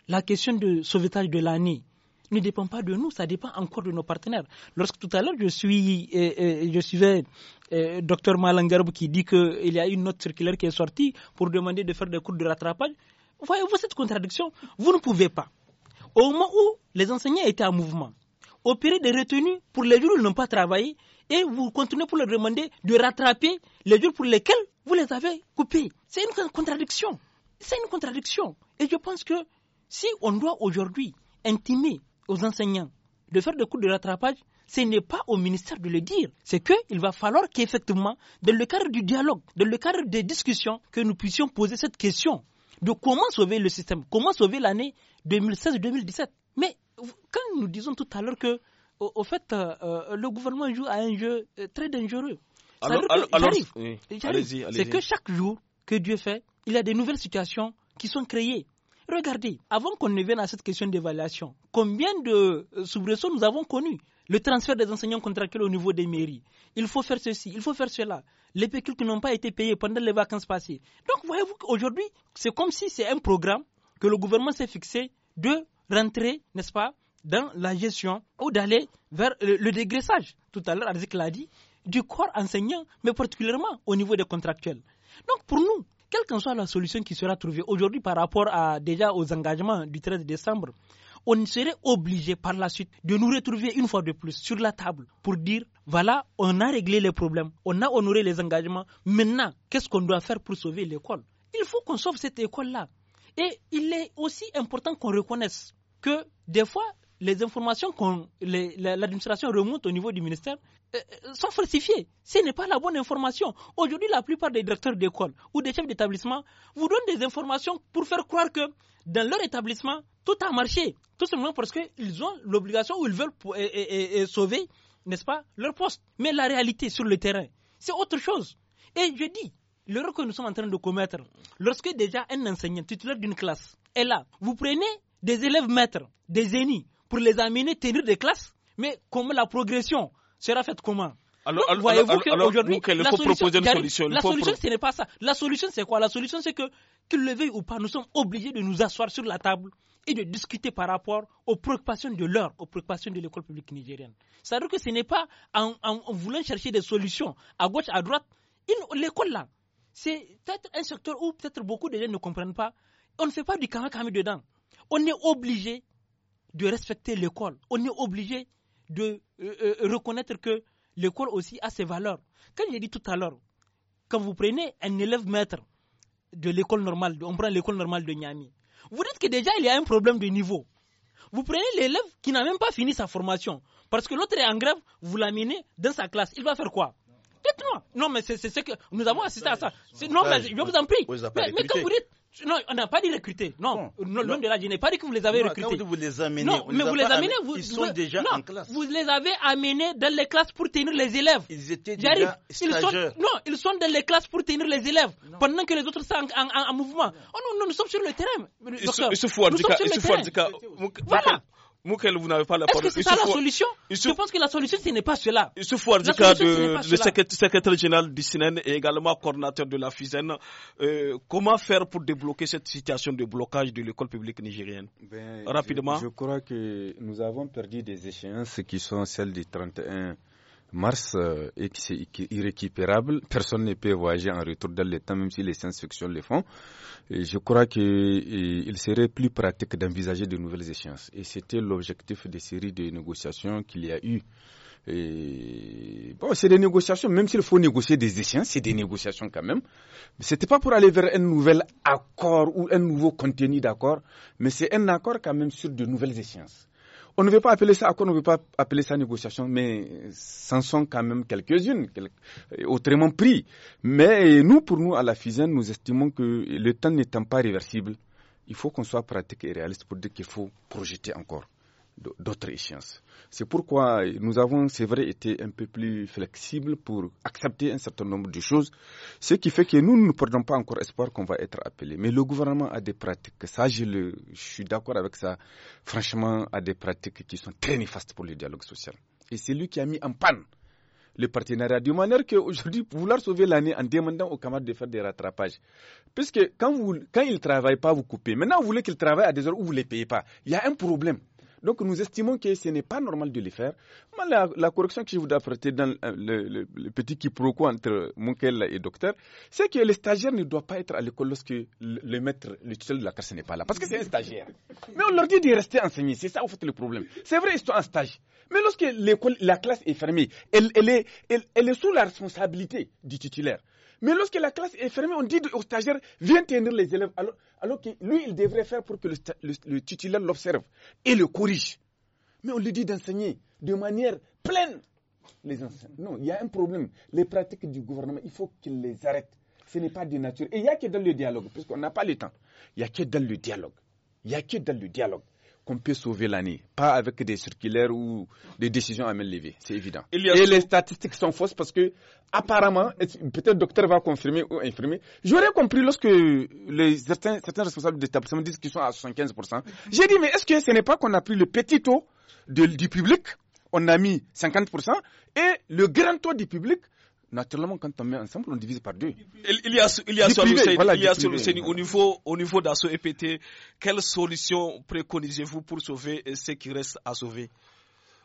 la question du sauvetage de l'année ne dépend pas de nous, ça dépend encore de nos partenaires. Lorsque tout à l'heure je, suis, euh, euh, je suivais le euh, Dr Malangarbe qui dit qu'il y a une note circulaire qui est sortie pour demander de faire des cours de rattrapage, voyez-vous cette contradiction Vous ne pouvez pas. Au moment où les enseignants étaient en mouvement, opérer des retenues pour les jours où ils n'ont pas travaillé, et vous continuez pour leur demander de rattraper les jours pour lesquels vous les avez coupés. C'est une contradiction. C'est une contradiction. Et je pense que si on doit aujourd'hui intimer aux enseignants de faire des cours de rattrapage, ce n'est pas au ministère de le dire. C'est qu'il va falloir qu'effectivement, dans le cadre du dialogue, dans le cadre des discussions, que nous puissions poser cette question de comment sauver le système, comment sauver l'année 2016-2017. Mais quand nous disons tout à l'heure que au, fait, euh, euh, le gouvernement joue à un jeu euh, très dangereux. Alors, c'est que chaque jour que Dieu fait, il y a des nouvelles situations qui sont créées. Regardez, avant qu'on ne vienne à cette question d'évaluation, combien de soubresauts nous avons connus Le transfert des enseignants contractuels au niveau des mairies. Il faut faire ceci, il faut faire cela. Les pécules qui n'ont pas été payées pendant les vacances passées. Donc, voyez-vous qu'aujourd'hui, c'est comme si c'est un programme que le gouvernement s'est fixé de rentrer, n'est-ce pas, dans la gestion ou d'aller vers le, dégraissage. Tout à l'heure, Arzik l'a dit, du corps enseignant, mais particulièrement au niveau des contractuels. Donc pour nous, quelle qu'en soit la solution qui sera trouvée aujourd'hui par rapport à, déjà aux engagements du 13 décembre, on serait obligé par la suite de nous retrouver une fois de plus sur la table pour dire voilà, on a réglé les problèmes, on a honoré les engagements, maintenant, qu'est-ce qu'on doit faire pour sauver l'école Il faut qu'on sauve cette école-là. Et il est aussi important qu'on reconnaisse que des fois, les informations que l'administration remonte au niveau du ministère euh, euh, sont falsifiées. Ce n'est pas la bonne information. Aujourd'hui, la plupart des directeurs d'école ou des chefs d'établissement vous donnent des informations pour faire croire que dans leur établissement, tout a marché. Tout simplement parce qu'ils ont l'obligation ou ils veulent pour, sauver, n'est-ce pas, leur poste. Mais la réalité sur le terrain, c'est autre chose. Et je dis, l'erreur que nous sommes en train de commettre, lorsque déjà un enseignant titulaire d'une classe est là, vous prenez des élèves maîtres, des génies, pour les amener tenir des classes. Mais comment la progression sera faite comment alors, voyez-vous qu'aujourd'hui, la, une solution, la solution ce n'est pas ça. La solution, c'est quoi La solution, c'est que, qu'il le veuille ou pas, nous sommes obligés de nous asseoir sur la table et de discuter par rapport aux préoccupations de l'heure, aux préoccupations de l'école publique nigérienne. C'est-à-dire que ce n'est pas en, voulant chercher des solutions à gauche, à droite. L'école, là, c'est peut-être un secteur où peut-être beaucoup de gens ne comprennent pas. On ne fait pas du kamakami dedans. On est obligé de respecter l'école. On est obligé de euh, euh, reconnaître que l'école aussi a ses valeurs. Quand j'ai dit tout à l'heure, quand vous prenez un élève maître de l'école normale, on prend l'école normale de Niami, vous dites que déjà il y a un problème de niveau. Vous prenez l'élève qui n'a même pas fini sa formation, parce que l'autre est en grève, vous l'amenez dans sa classe. Il va faire quoi Dites-moi. Non, mais c'est ce que nous avons assisté à ça. Non, mais je vous en prie. Mais, mais vous dites, non, on n'a pas dit recruter. Non, bon, de là, je n'ai pas dit que vous les avez recrutés. non, mais vous les amenez, vous, ils sont déjà en classe. Vous les avez amenés dans les classes pour tenir les élèves. Ils étaient déjà ils sont, Non, ils sont dans les classes pour tenir les élèves pendant que les autres sont en, mouvement. Oh non, non, nous sommes sur le terrain. Il se, sur le fout, Voilà vous n'avez pas la parole. Est-ce que c'est la solution Je pense que la solution, ce n'est pas cela. le Ouadjika, le secrétaire général du SINEN et également coordinateur de la FISEN, euh, comment faire pour débloquer cette situation de blocage de l'école publique nigérienne ben, Rapidement. Je, crois que nous avons perdu des échéances qui sont celles du 31 Mars est euh, et irrécupérable. Personne ne peut voyager en retour dans le temps, même si les sciences fiction le font. Et je crois qu'il serait plus pratique d'envisager de nouvelles échéances. Et c'était l'objectif des séries de négociations qu'il y a eu. bon, c'est des négociations, même s'il faut négocier des échéances, c'est des négociations quand même. Ce n'était pas pour aller vers un nouvel accord ou un nouveau contenu d'accord, mais c'est un accord quand même sur de nouvelles échéances. On ne veut pas appeler ça accord, on ne veut pas appeler ça négociation, mais s'en sont quand même quelques-unes, autrement pris. Mais nous, pour nous, à la FISEN, nous estimons que le temps n'étant pas réversible, il faut qu'on soit pratique et réaliste pour dire qu'il faut projeter encore d'autres échéances. C'est pourquoi nous avons, c'est vrai, été un peu plus flexibles pour accepter un certain nombre de choses, ce qui fait que nous ne perdons pas encore espoir qu'on va être appelé. Mais le gouvernement a des pratiques, ça je, suis d'accord avec ça, franchement, a des pratiques qui sont très néfastes pour le dialogue social. Et c'est lui qui a mis en panne le partenariat, de manière qu'aujourd'hui, vouloir sauver l'année en demandant aux camarades de faire des rattrapages. Puisque quand, quand ils ne travaillent pas, vous coupez. Maintenant, vous voulez qu'ils travaillent à des heures où vous ne les payez pas. Il y a un problème. Donc nous estimons que ce n'est pas normal de le faire. la, correction que je voudrais apporter dans euh, le, petit quiproquo entre Munkel et docteur, c'est que le stagiaire ne doit pas être à l'école lorsque le, maître, le titulaire de la classe n'est pas là. Parce que c'est un stagiaire. Mais on leur dit de rester enseigné. C'est ça, en fait, le problème. C'est vrai, ils sont en stage. Mais lorsque l'école, la classe est fermée, elle, est, elle est sous la responsabilité du titulaire. Mais lorsque la classe est fermée, on dit aux stagiaires, viens tenir les élèves. Alors, alors que lui, il devrait faire pour que le, titulaire l'observe et le corrige. Mais on lui dit d'enseigner de manière pleine les enseignants. Non, il y a un problème. Les pratiques du gouvernement, il faut qu'il les arrête. Ce n'est pas de nature. Et il n'y a que dans le dialogue, puisqu'on n'a pas le temps. Il n'y a que dans le dialogue. Il n'y a que dans le dialogue qu'on peut sauver l'année, pas avec des circulaires ou des décisions à main levée, c'est évident. Et les statistiques sont fausses parce que apparemment, peut-être le docteur va confirmer ou infirmer. J'aurais compris lorsque certains, responsables d'établissement disent qu'ils sont à 75%. J'ai dit, mais est-ce que ce n'est pas qu'on a pris le petit taux du public, on a mis 50%, et le grand taux du public, naturellement, quand on met ensemble, on divise par deux. Il y a, il y sur, le, il y a sur au niveau, au niveau d'assaut EPT, Quelle solution préconisez-vous pour sauver ce qui reste à sauver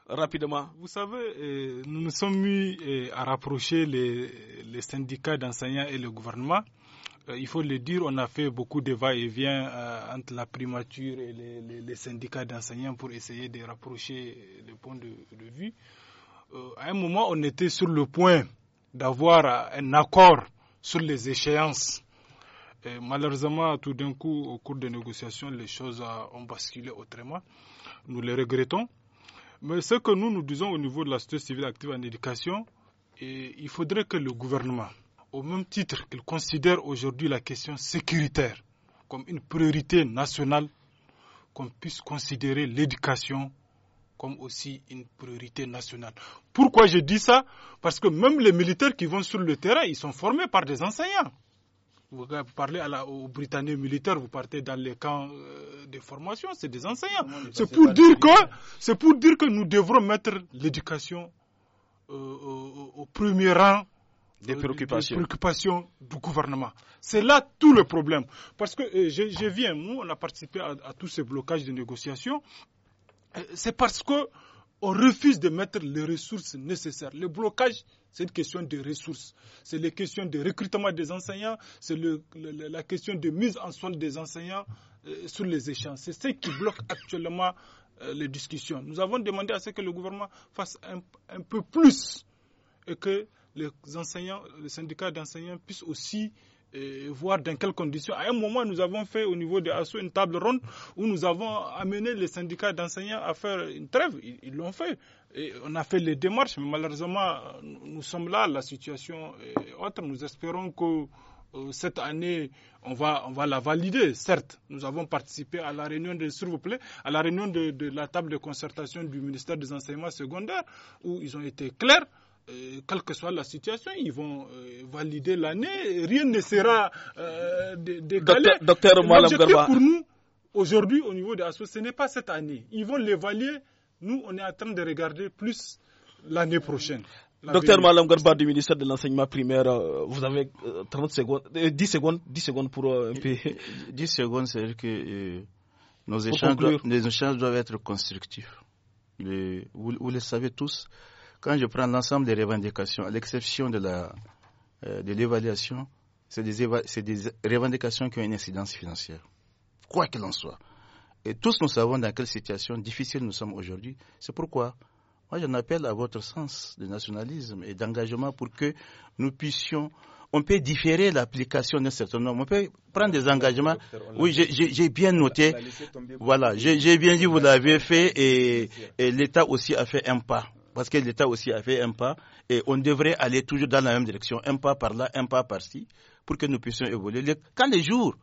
Rapidement. Vous savez, euh, nous nous sommes mis euh, à rapprocher les, les syndicats d'enseignants et le gouvernement euh, il faut le dire, on a fait beaucoup de va-et-vient entre la primature et les, syndicats d'enseignants pour essayer de rapprocher les points de, vue. à un moment, on était sur le point d'avoir un accord sur les échéances. malheureusement, tout d'un coup, au cours des négociations, les choses ont basculé autrement. Nous les regrettons. Mais ce que nous nous disons au niveau de la société civile active en éducation, et il faudrait que le gouvernement, au même titre qu'il considère aujourd'hui la question sécuritaire comme une priorité nationale, qu'on puisse considérer l'éducation comme aussi une priorité nationale. Pourquoi je dis ça Parce que même les militaires qui vont sur le terrain, ils sont formés par des enseignants. Vous parlez aux Britanniques militaires, vous partez dans les camps euh, de formation, c'est des enseignants. C'est pour, dire que, c'est pour dire que nous devrons mettre l'éducation euh, euh, au, premier rang des préoccupations. du gouvernement. C'est là tout le problème. Parce que je, viens, nous, on a participé à, à tous ces blocages de négociations. Euh, c'est parce que on refuse de mettre les ressources nécessaires. Le blocage, c'est une question de ressources. C'est la question de recrutement des enseignants, c'est la question de mise en soins des enseignants euh, sur les échanges. C'est ce qui bloque actuellement euh, les discussions. Nous avons demandé à ce que le gouvernement fasse un, un peu plus et que les enseignants, les syndicats d'enseignants puissent aussi voir dans quelles conditions. À un moment, nous avons fait au niveau de ASSO une table ronde où nous avons amené les syndicats d'enseignants à faire une trêve. Ils l'ont fait. Et on a fait les démarches, mais malheureusement, nous sommes là, la situation est autre. Nous espérons que euh, cette année, on va, on va la valider, certes. Nous avons participé à la réunion de, s'il vous plaît, à la réunion de, de, la table de concertation du ministère des enseignements secondaires, où ils ont été clairs. Euh, quelle que soit la situation, ils vont euh, valider l'année. Rien ne sera euh, décalé. pour nous, aujourd'hui, au niveau de l'ASSO, ce n'est pas cette année. Ils vont l'évaluer. Nous, on est en train de regarder plus l'année prochaine. Docteur Malam Garba du ministère de l'enseignement primaire, euh, vous avez 30 secondes, 10 secondes, 10 secondes pour un peu. 10 secondes, c'est-à-dire que nos échanges, doivent, être constructifs. vous, vous, le savez tous, quand je prends l'ensemble des revendications, à l'exception de euh, l'évaluation, c'est des, revendications qui ont une incidence financière, quoi qu'il en soit. Et tous nous savons dans quelle situation difficile nous sommes aujourd'hui. C'est pourquoi moi j'en appelle à votre sens de nationalisme et d'engagement pour que nous puissions on peut différer l'application d'un certain nombre. On peut prendre des engagements. Oui, j'ai bien noté. Voilà, j'ai bien dit, vous l'avez fait et l'État aussi a fait un pas parce que l'État aussi a fait un pas, et on devrait aller toujours dans la même direction, un pas par là, un pas par-ci, pour que nous puissions évoluer. Quand les jours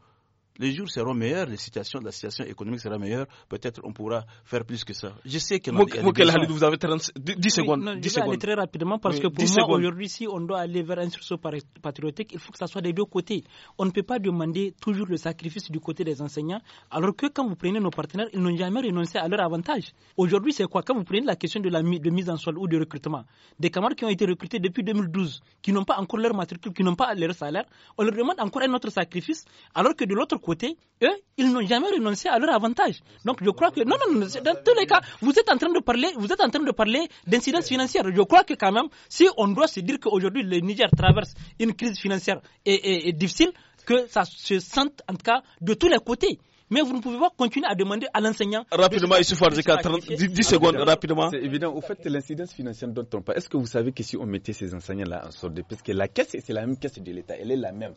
les jours seront meilleurs, les situations, la situation économique sera meilleure, peut-être on pourra faire plus que ça. Je sais que... Mokel vous avez 10 secondes. Non, 10 je vais aller très rapidement parce que pour moi, aujourd'hui, si on doit aller vers un sursaut patriotique, il faut que ça soit des deux côtés. On ne peut pas demander toujours le sacrifice du côté des enseignants, alors que quand vous prenez nos partenaires, ils n'ont jamais renoncé à leur avantage. Aujourd'hui, c'est quoi Quand vous prenez la question de la mise en sol ou de recrutement, des camarades qui ont été recrutés depuis 2012, qui n'ont pas encore leur matricule, qui n'ont pas leur salaire, on leur demande encore un autre sacrifice, alors que de l'autre côté, eux, ils n'ont jamais renoncé à leur avantage. Donc je crois que non, non, non, dans tous les cas, vous êtes en train de parler, vous êtes en train de parler d'incidence financière. Je crois que quand même, si on doit se dire qu'aujourd'hui le Niger traverse une crise financière et, difficile, que ça se sente en tout cas de tous les côtés. Mais vous ne pouvez pas continuer à demander à l'enseignant. Rapidement, il suffit de 10, secondes, rapidement. C'est évident. Au fait, l'incidence financière dont on parle, est-ce que vous savez que si on mettait ces enseignants-là en sorte de. Parce que la caisse, c'est la même caisse de l'État, elle est la même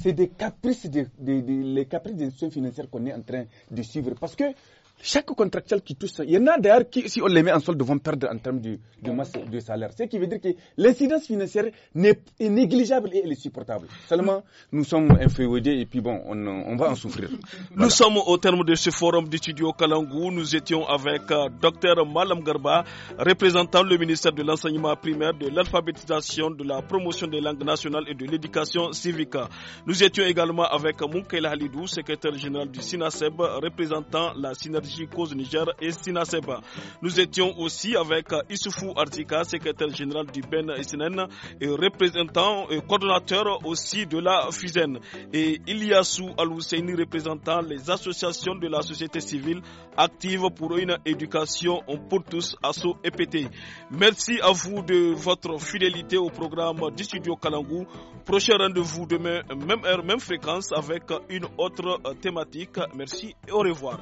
c'est des caprices, de, les caprices des institutions financières qu'on est en train de suivre. Parce que chaque contractuel qui touche, il y en a d'ailleurs qui, si on les met en solde, vont perdre en termes de, de masse de salaire. Ce qui veut dire que l'incidence financière est, négligeable et elle est supportable. Seulement, nous sommes inféodés et puis bon, on, va en souffrir. Nous sommes au terme de ce forum d'étudiants Kalangou. Nous étions avec euh, docteur Dr Malam Garba, représentant le ministère de l'enseignement primaire, de l'alphabétisation, de la promotion des langues nationales et de l'éducation civique. Nous étions également avec Moukela Halidou, secrétaire général du SINASEB, représentant la synergie et Nous étions aussi avec euh, Issoufou Artika, secrétaire général du PEN et représentant et euh, coordonnateur aussi de la FISEN, Et Iliassou Alousseini, représentant les associations de la société civile active pour une éducation pour tous, ASSO EPT. Merci à vous de votre fidélité au programme du studio Kalangou. Prochain rendez-vous demain, même heure, même fréquence avec une autre euh, thématique. Merci et au revoir.